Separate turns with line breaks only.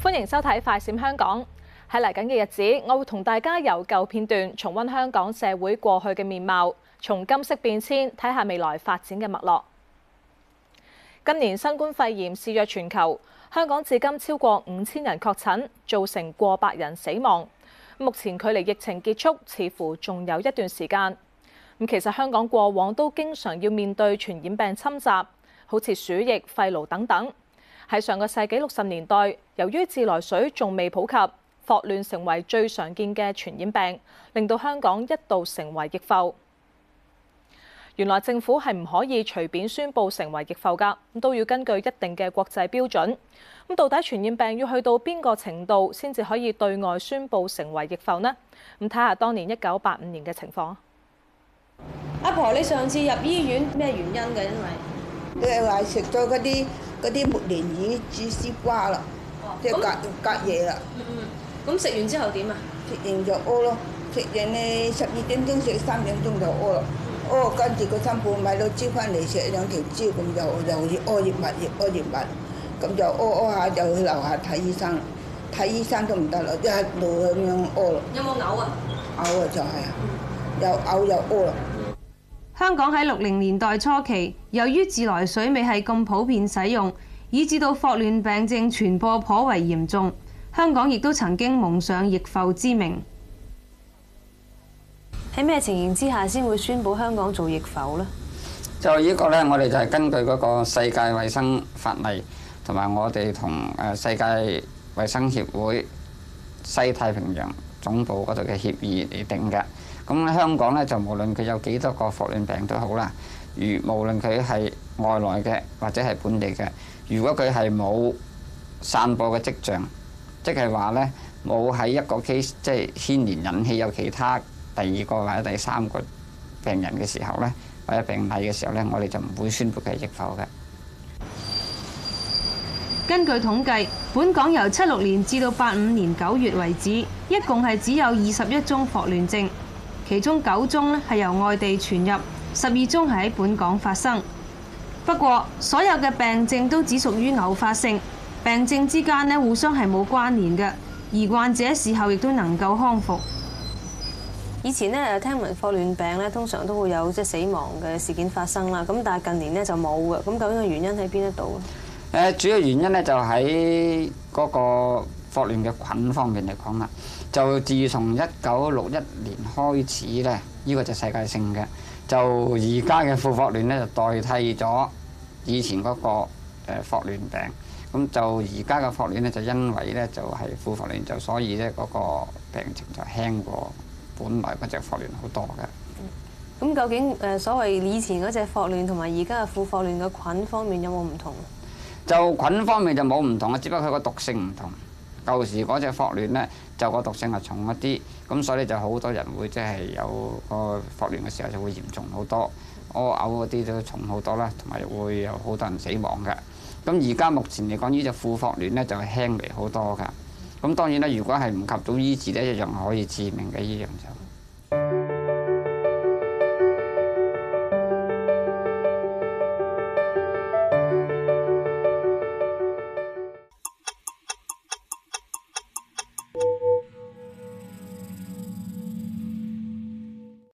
歡迎收睇《快閃香港》。喺嚟緊嘅日子，我會同大家由舊片段重温香港社會過去嘅面貌，從今昔變遷睇下未來發展嘅脈絡。今年新冠肺炎肆虐全球，香港至今超過五千人確診，造成過百人死亡。目前距離疫情結束似乎仲有一段時間。咁其實香港過往都經常要面對傳染病侵襲，好似鼠疫、肺癆等等。喺上個世紀六十年代，由於自來水仲未普及，霍亂成為最常見嘅傳染病，令到香港一度成為疫埠。原來政府係唔可以隨便宣佈成為疫埠㗎，都要根據一定嘅國際標準。咁到底傳染病要去到邊個程度先至可以對外宣佈成為疫埠呢？咁睇下當年一九八五年嘅情況。
阿婆，你上次入醫院咩原因嘅？因為你係話食咗嗰啲。嗰啲木蓮魚煮絲瓜啦，即係隔隔夜啦。嗯嗯。咁食完之
後
點啊？食完就屙咯，食完咧十二點鐘食，三點鐘就屙咯。屙，跟住個心抱買到蕉翻嚟食兩條蕉，咁就又好屙熱物，又屙熱物。咁就屙屙下就去樓下睇醫生，睇醫生都唔得咯，一路咁樣屙咯。有冇嘔啊？嘔啊就係啊，又嘔又屙啦。香港喺六零
年代初期，由於自來水未係咁普遍使用，以致到霍亂病症傳播頗為嚴重。香港亦都曾經蒙上疫埠之名。喺咩情形之下先會宣佈香港做疫埠呢？
就呢個呢，我哋就係根據嗰個世界衞生法例，同埋我哋同誒世界衞生協會。西太平洋總部嗰度嘅協議嚟定嘅，咁香港咧就無論佢有幾多個霍亂病都好啦，如無論佢係外來嘅或者係本地嘅，如果佢係冇散播嘅跡象，即係話咧冇喺一個 case 即係牽連引起有其他第二個或者第三個病人嘅時候咧，或者病例嘅時候咧，我哋就唔會宣布佢係疫埠嘅。
根據統計。本港由七六年至到八五年九月為止，一共係只有二十一宗霍亂症，其中九宗呢係由外地傳入，十二宗係喺本港發生。不過，所有嘅病症都只屬於偶發性，病症之間呢互相係冇關連嘅，而患者事後亦都能夠康復。以前呢聽聞霍亂病咧通常都會有即死亡嘅事件發生啦，咁但係近年呢就冇嘅，咁究竟嘅原因喺邊一度咧？
誒主要原因咧就喺嗰個霍亂嘅菌方面嚟講啦。就自從一九六一年開始咧，呢個就世界性嘅。就而家嘅副霍亂咧就代替咗以前嗰個霍亂病。咁就而家嘅霍亂咧就因為咧就係副霍亂，就所以咧嗰個病情就輕過本來嗰隻霍亂好多嘅。
咁究竟誒所謂以前嗰隻霍亂同埋而家嘅副霍亂嘅菌方面有冇唔同？
就菌方面就冇唔同啊，只不過佢個毒性唔同。舊時嗰隻霍亂呢，就個毒性係重一啲，咁所以呢就好多人會即係有個霍亂嘅時候就會嚴重好多，屙嘔嗰啲都重好多啦，同埋會有好多人死亡嘅。咁而家目前嚟講，呢隻副霍亂呢就輕微好多㗎。咁當然啦，如果係唔及早醫治呢一樣可以致命嘅一樣就。